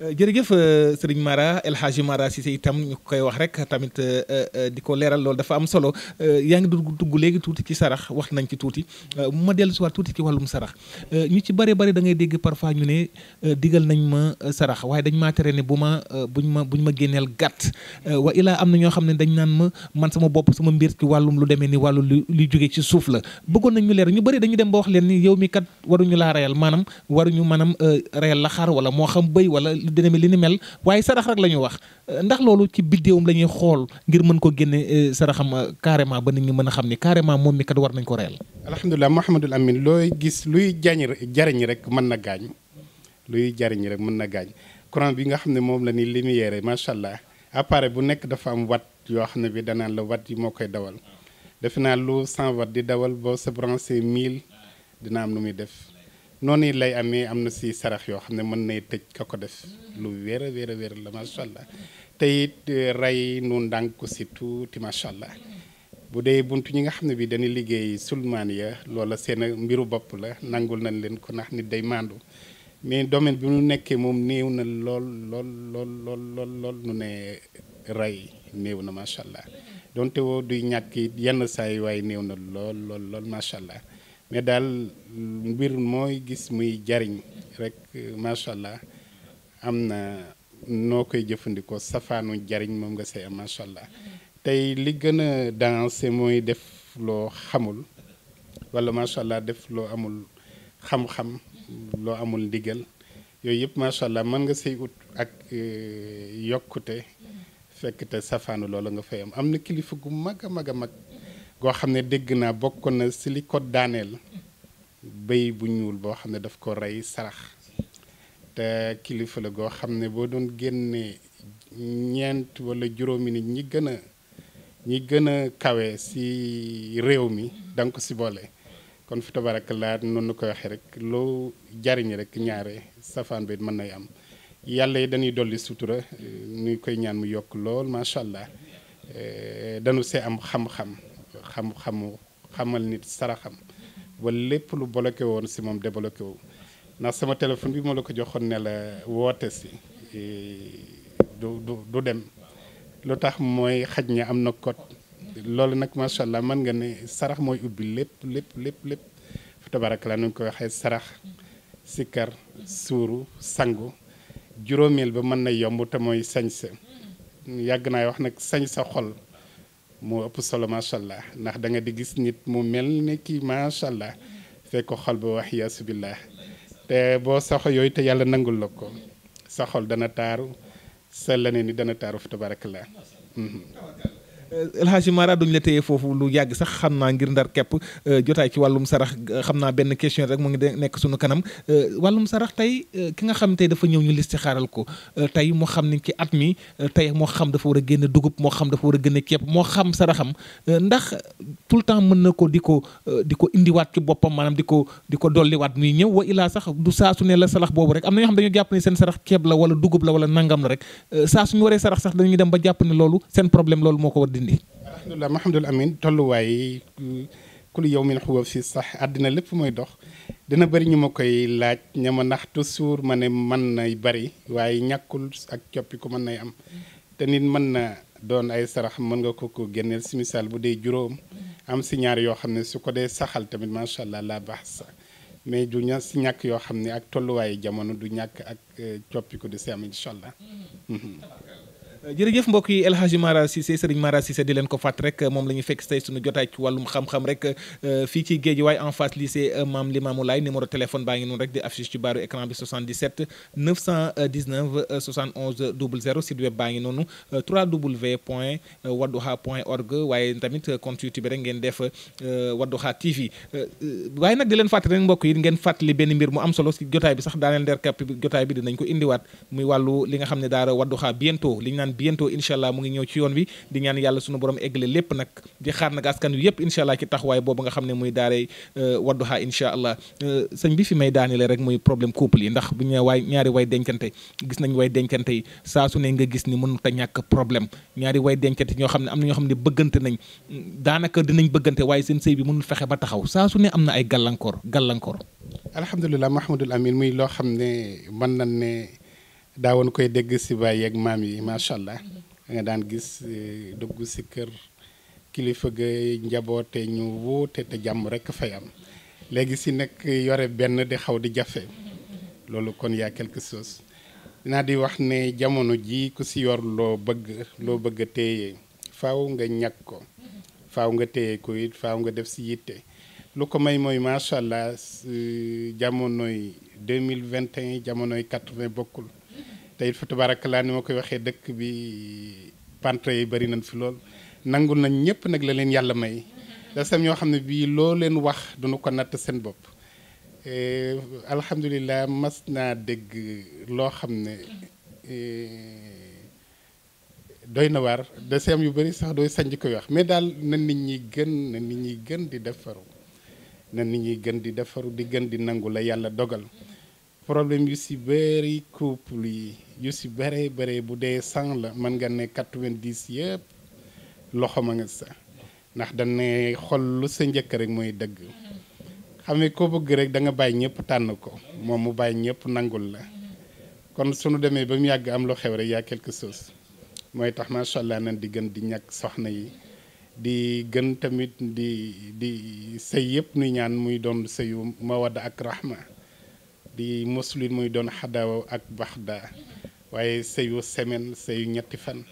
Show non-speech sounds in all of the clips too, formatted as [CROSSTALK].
Euh, jërëjëf euh, sëriñ Mara El Hadji Mara Cissé itam ñu koy wax rek tamit euh, di ko leeral loolu dafa am solo yaa ngi dugg dugg léegi tuuti ci sarax wax nañ ci tuuti ma dellu si waat tuuti ci wàllum sarax ñu ci bare bare dangay ngay dégg parfois ñu ne digal nañ ma sarax waaye dañ maa tere ne bu ma buñ ma buñ ma génneel gàtt wa ilaa am na ñoo xam ne dañ naan ma man sama bopp sama mbir ci wàllum lu demee ni wàllu lu luy jóge ci suuf la bëggoon nañ ñu leeral ñu bëri dañu dem ba wax leen ni yow mi kat waruñu laa reyal maanaam waruñu maanaam reyal la xar wala moo xam bëy wala dina mel li ni mel waaye sarax rek la ñuy wax ndax loolu ci biddéewam la xool ngir mën ko génne eh, saraxam eh, carrément ba nit ñi mën a xam ni carrément moom mi kat war nañ ko reyal. alhamdulilah Mouhamadul Amin looy gis luy jañ jariñ rek mën na gaañ luy jariñ rek mën na gaañ courant bi nga xam ne moom la ni lumière macha allah appareil bu nekk dafa am wat yoo xam ne bi danaan la wat yi moo koy dawal defe naa lu 100 wat di dawal boo se branché 1000 dina am lu muy def. noonu lay amee am na si sarax yoo xam ne mën nay tëj ka ko def lu weera a la macha allah te it e, rey nu ndànk ko si tuuti macha allah bu dee buntu ñi nga xam ne bi dañuy liggéey sulmaan ya loola seen mbiru bopp la nangul nañ leen ko ndax nit day maandu mais domaine bi mu nekkee moom néew na lool lool lool lool nu ne rey néew na macha allah donte woo duy ñàkk yenn saa yi waaye néew na lool lool lool macha allah. mais daal mbir mooy gis muy jariñ rek macha allah am na noo koy jëfandikoo safaanu jariñ moom nga see am macha allah tey li gën a dansé mooy def loo xamul wala macha def loo amul xam-xam loo amul ndigal yooyu yëpp macha man nga say ut ak eh, yokkute fekk te safaanu loola nga fay am am na kilifa gu mag a mag a mag goo xam ne dégg naa bokkoon na si li ko daaneel béy bu ñuul boo xam ne daf ko rey sarax te kilifa la goo xam ne boo doon génnee ñeent walla juróomi nit ñi gën a ñi gën a kawe si réew mi da ko si boole kon fi tabarakallah noonu koy waxee rek loo jariñ rek ñaare safaan bi mën nay am yàlla yi dañuy dolli sutura ñu koy ñaan mu yokk lool macha allah eh, dañu see am xam-xam. xam-xamu xamal nit saraxam ba lépp lu boloké woon si moom débloqué wu ndax sama téléphone bi ma la ko joxoon ne la woote si eh, du dem lu tax mooy xaj na am na code loolu nag macha allah mën nga ne sarax mooy ubbi lépp lépp lépp lépp fa tabarakala nu ñu ko waxee sarax sikkar suuru sangu juróomeel ba mën na yomb te mooy sañ sa yàgg naa wax nag sañ sa xol moo ëpp solo macha allah ndax danga di gis nit mu mel ni kii macha allah fekk xol ba wax yaasu billah te boo saxo yooyu te yàlla nangu la ko sa xol dana taaru sa leneen ni dana taaru fa tabarakallaa mhm. El Hadji Mara la teye foofu lu yàgg sax xam naa ngir ndar kepp euh, jotaay ci wàllum sarax euh, xam naa benn question rek mu ngi nekk sunu kanam euh, wàllum sarax tey ki nga xam tey dafa ñëw ñu listi xaaral ko tey moo xam ni ci at mi tey moo xam dafa war a génn dugub moo xam dafa war a génn kepp moo xam saraxam ndax tout le temps mën na ko di ko di ko indiwaat ci boppam maanaam di ko di ko dolliwaat muy ñëw wa illaa sax du saa ne la sarax boobu rek am na ñoo xam dañoo jàpp ne seen sarax keeb la wala dugub la wala nangam la rek saa suñu waree sarax sax dem ba jàpp ne loolu seen problème loolu moo dindi am mahamadul amin tolluwaay kul yow min xuwaf si sax àddina lépp mooy dox dina bari ñu ma koy laaj ñama ma nax toujours ma ne mën nay bari waaye ñàkkul ak coppiku mën nay am te nit mën na doon ay sarax mën nga ko ko génneel si misaal bu dee juróom am si ñaar yoo xam ne su ko dee saxal tamit macha allah la baax sa mais du ña si ñàkk yoo xam ne ak tolluwaay jamono du ñàkk ak eh, coppiku di si am incha allah mm-hmm. Mm-hmm. Euh, jërëjëf mbokk yi El Hadji Mara Cissé Serigne di leen ko fàtt rek moom la ñu fekk tey suñu jotaay ci wàllum xam-xam rek euh, fii ci Guédiawaye en face lycée euh, Mame Limamou Laye numéro téléphone baa ngi noonu rek di affiche ci baaru écran bi 77 web baa ngi noonu 3w point wadduha point org waaye tamit compte YouTube rek ngeen def Wadduha TV waaye nag di leen fàttali rek mbokk yi ngeen fàttali benn mbir mu am solo ci jotaay bi sax daaneel ndeer kàpp jotaay bi dinañ ko indiwaat muy wàllu li nga xam ne daara naan bientôt incha allah mu ngi ñëw ci yoon wi di ñaan yàlla sunu borom eggale lépp nag di xaar nag askan wi yëpp incha allah ci taxawaay nga xam ne muy daaree euh, wadduha incha allah euh, sëñ bi fi may daanele rek muy problème couple yi ndax bu ñu waay ñaari way dencante gis nañ way dencante yi saa su ne nga gis ni mënut ñàkk problème ñaari way dencante ñoo xam ne am na ñoo xam ne bëggante nañ daanaka dinañ bëggante waaye seen sëy bi mënul fexe ba taxaw saa su ne am na ay gàllankoor gàllankoor alhamdulilah mahmadul amin muy loo daawoon koy dégg si baay yeeg maam yi macha allah nga daan gis eh, dugg si kër kilifa ga njaboote ñu wuute te jàmm rek fay am léegi si nag yore benn di xaw di jafe loolu kon yaa quelque chose dinaa di wax ne jamono ji ku si yor loo bëgg loo bëgg a téye faaw nga ñàkk ko faw nga téye ko it faw nga def si yitte lu ko may mooy macha allah eh, jamonoy 2021 jamonoy 80 bokkul te it fa laa ni ma koy waxee dëkk bi pantre yi bari nañ fi lool nangul nañ ñëpp nag la leen yàlla may da yoo xam ne bii loo leen wax duñu ko natt seen bopp e, alhamdulilah mas naa dégg loo xam ne e, doy na waar da yu bari sax dooy sañ koy wax mais daal na nit ñi gën na nit ñi gën di defaru na nit ñi gën di defaru di gën di nangu la yàlla dogal problème yu si bari couple yi yu si bëree bëri bu dee cent la mën nga ne quatre-vingt-dix yëpp loxo ma nga sa ndax dañ ne xol lu sa njëkk rek mooy dëgg xamee ko bëgg rek danga bàyyi ñëpp tànn ko moom mu bàyyi ñëpp nangul la kon sunu demee ba mu yàgg am lu xew rek yaa quelque chose mooy tax macha allah nan di gën di ñàkk soxna yi di gën tamit di di sëy yëpp nuy ñaan muy doon sëyu mawadda ak rahma di muslim muy doon xadaawa ak baxda waaye sëyu semaine sëyu ñetti fan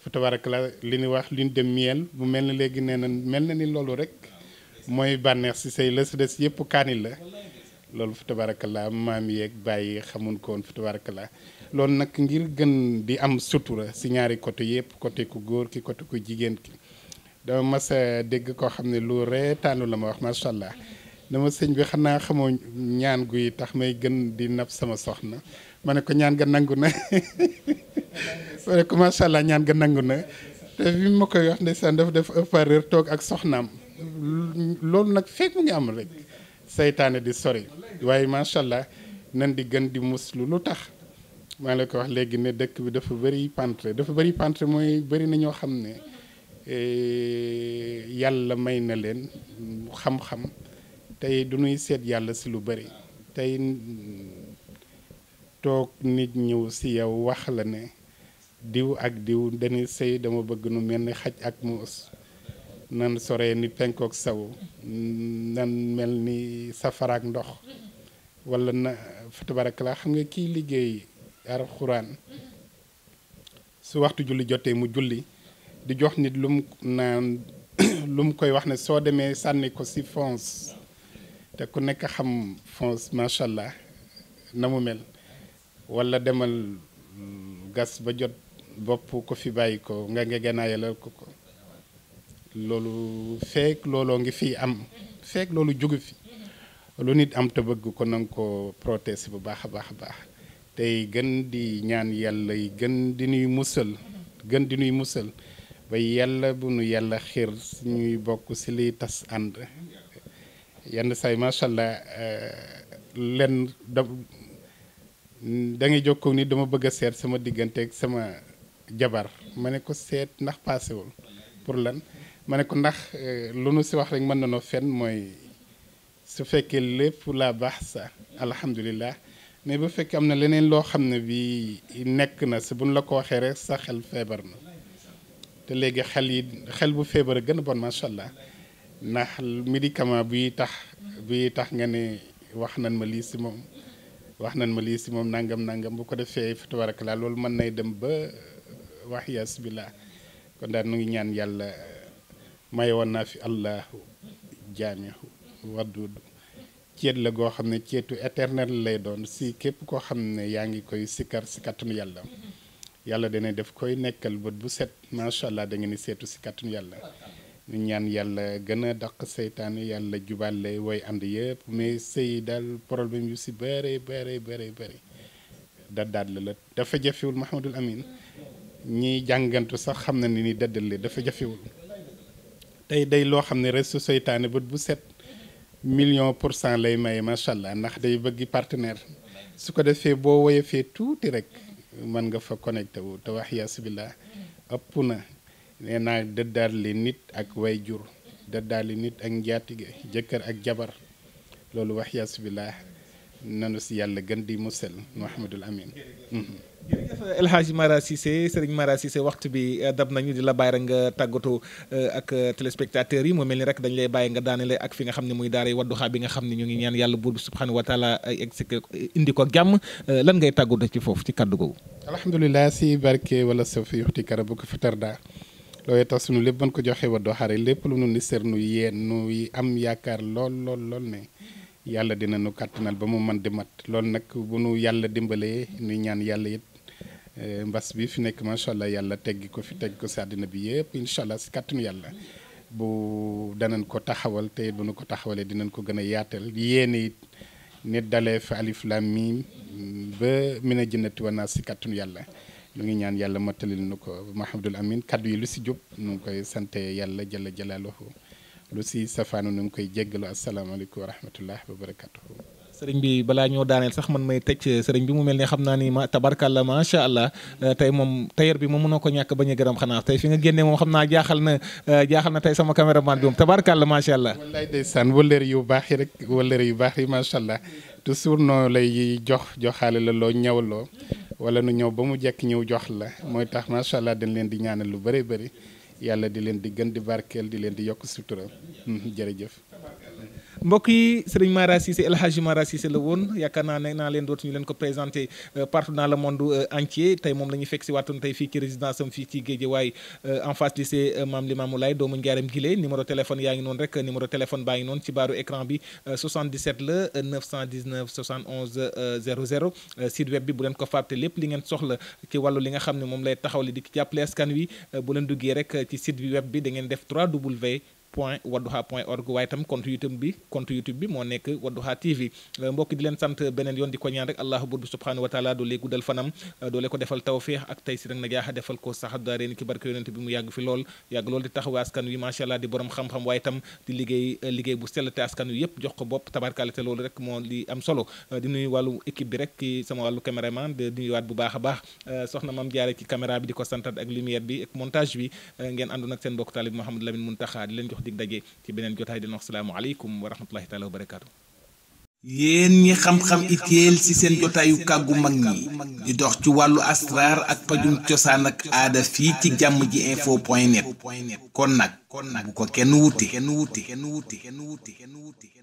fa tabarak li ñu wax li ñu dem miel bu mel na léegi nee na mel na ni loolu rek mooy bànneex si sëy la si des yëpp kaani la loolu fa tabarak maam yeeg bàyyi xamun ko woon fa loolu nag ngir gën di am sutura si ñaari côté yëpp côté ku góor ki côté ku jigéen ki dama mas dégg koo xam ne lu reetaanu la ma wax macha allah dama sëñ bi xanaa xamoo ñaan guy tax may gën di nab sama soxna ma ne ko ñaan nga nangu na [LAUGHS] ma ne ko macha allah ñaan ga nangu na te bi ma koy wax ndeysaan daf def pareur toog ak soxnaam loolu nag fekk mu ngi am rek saytaane di sori waaye macha allah nan di gën di muslu lu tax maa la ko wax léegi ne dëkk bi dafa bëri pantre dafa bëri pantre mooy bëri na ñoo xam ne e, yàlla may na leen xam-xam tey du nuy seet yàlla si lu bëri tey toog nit ñëw si yow wax la ne diw ak diw dañuy sëy dama bëgg nu mel ni xaj ak muus nan soree ni penk ak nan mel ni safaraak ndox walla na tabarak la xam nga kiy liggéey alxuraan su waxtu julli jotee mu julli di jox nit lum [COUGHS] lu mu koy wax ne soo demee sànni ko si fons te ku nekk xam fons macha allah na mu mel wala demal gas ba jot bopp ko fi bàyyi ko nga nga gànnaayalal ko ko loolu feek looloo ngi fi am feek loolu jógu fi lu nit am te bëgg ko nanga ko protéger bu baax a baax a baax tey gën di ñaan yàlla yi gën di nuy musal gën di nuy musal ba yàlla bu nu yàlla xiir ñuy bokk si liy tas ànd yenn saay macha allah eh, lenn da da ngay jokkoo nii dama bëgg a seet sama diggante ak sama jabar ma ne ko seet ndax paasewul pour lan ma ne ko ndax euh, lu nu si wax rek mën na noo fen mooy su fekkee lépp laa baax sa alhamdulilah mais bu fekkee am na leneen loo xam ne bi nekk na si buñ la ko waxee rek sa xel feebar na te léegi xel yi xel bu feebar a gën a bon macha allah ndax médicament bi tax bi tax nga ne wax nan ma lii si moom wax nañ ma lii si moom nangam nangam bu ko defee fa tabarakallah loolu mën nay dem ba wax yaas billah kon daal mu ngi ñaan yàlla maye woon naa fi allahu jaamihu waddudu ceet la goo xam ne ceetu éternel lay doon si képp koo xam ne yaa ngi koy sikkar si kàttanu yàlla yàlla dana def koy nekkal bët bu set macha allah da ni seetu si kàttanu yàlla ñu ñaan yàlla gën a dàq seytaane yàlla jubale woy ànd yëpp mais sëy daal problème yu si bare bare bare bëri da daal la dafa jafewul Mahamadul Amin ñiy jàngantu sax xam na ni ni daddale dafa jafewul tey day loo xam ne restu seytaane bët bu set million pour cent lay may macha allah ndax day bëggi partenaire su ko defee boo woyefee tuuti rek mën nga fa connecté te wax yaa ëpp na nee naa dëddaat li nit ak way jur dëddaat li nit ak njaatige jëkkër ak jabar loolu wax yasubillah nanu si yàlla gën di musal Mouhamadul Amin jërëjëf El Hadj Mara Cissé Serigne Mara Cissé waxtu bi eh, dab nañu di la bàyyi rek nga tàggatoo eh, ak eh, téléspectateurs yi mu mel ni rek dañ lay bàyyi nga daanele ak fi nga xam ne muy daaray Wadduha bi nga xam ne ñu ngi ñaan yàlla buur bi subhaanahu wa taala ay indi ko jàmm lan ngay tàggatoo ci foofu ci kàddu ko fi tardaa loolu tax suñu lépp ban ko joxe Wadduha rek lépp lu nu ni sër nu yeen nu am yaakaar lool lool ne yàlla dina nu kàttanal ba mu man di mat loolu nag bu nu yàlla dimbalee nu ñaan yàlla it eh, mbas bi fi nekk macha allah yàlla teggi ko fi tegg ko si àddina bi yëpp incha allah si kàttanu yàlla bu danañ ko taxawal tey bu nu ko taxawalee dinañ ko gën a yaatal yéen it nit dalee fa alif lam mim ba mina jinnati wa naas si kàttanu yàlla ñu ngi ñaan yàlla mottalil nu ko ma Mahamadul Amin kaddu yi lu si jub nu ngi koy sante yàlla jalla jalaaluhu lu si safaanu nu ngi koy jéggalu asalaamaaleykum wa rahmatullah wa barakatuhu bi balaa ñoo daaneel sax man may tëj eh, sëriñ bi mu mel ne xam naa ni ma tabarkalla macha allah eh, tey moom tailleur bi moom mënoo ko ñàkk bañ a gërëm xanaa tey fi nga génnee moom xam naa jaaxal na eh, jaaxal na tey sama caméraman bi moom tabarkalla macha allah. wallaay ndeysaan wëllër yu baax yi rek wëllër yu baax yi macha allah toujours noo lay jox joxaale la loo ñawloo wala nu ñëw ba mu jekk ñëw jox la mooy tax macha allah dañ leen di ñaanal lu bëri bëri yàlla di leen di gën di barkeel di leen di yokk sutura hmm, jërëjëf. mbokk yi sëriñ Mara Cissé El Hadji la woon yaakaar naa ne naa leen dootuñu leen ko présenté euh, partout dans le monde euh, entier tey moom la ñuy fekk si waatoon tey fii ci résidence am fii ci Guédiawaye euh, en face lycée Mame Limamou Laye doomu Ndiarème Guilé numéro téléphone yaa ngi noonu rek numéro téléphone baa ngi noonu ci baaru écran bi 77 la 919 71 00 site web bi bu leen ko fàtte lépp li ngeen soxla ci wàllu li nga xam ne moom lay taxaw li di ki jàppale askan wi bu leen duggee rek ci site bi da ngeen def 3w point wadduha point org waaye tam compte youtube youtube bi moo nekk wadduha tv euh, mbokki di leen sant euh, beneen yoon di ko ñaan rek allahu buur bi subhanahu wa taala doole guddal fanam euh, doole ko defal tawfiix ak tey si nag na jaaxa defal ko sax di taxawa xam-xam waaye tam di liggéey bu sell te askan wi yëpp jox ko bopp tabarkaale te loolu rek moo li am solo di wàllu équipe bi rek sama wàllu caméraman di nuyuwaat bu baax baax soxna mam jaare jox dig daje ci beneen jotaay dina wax salaamualeykum wa rahmatullahi taala wa barakaatu. yéen ñi ci seen jotaayu kàggu mag ñi di dox ci wàllu asraar ak pajum cosaan ak aada fii ci jàmm ji info point net kon nag bu ko kenn wuti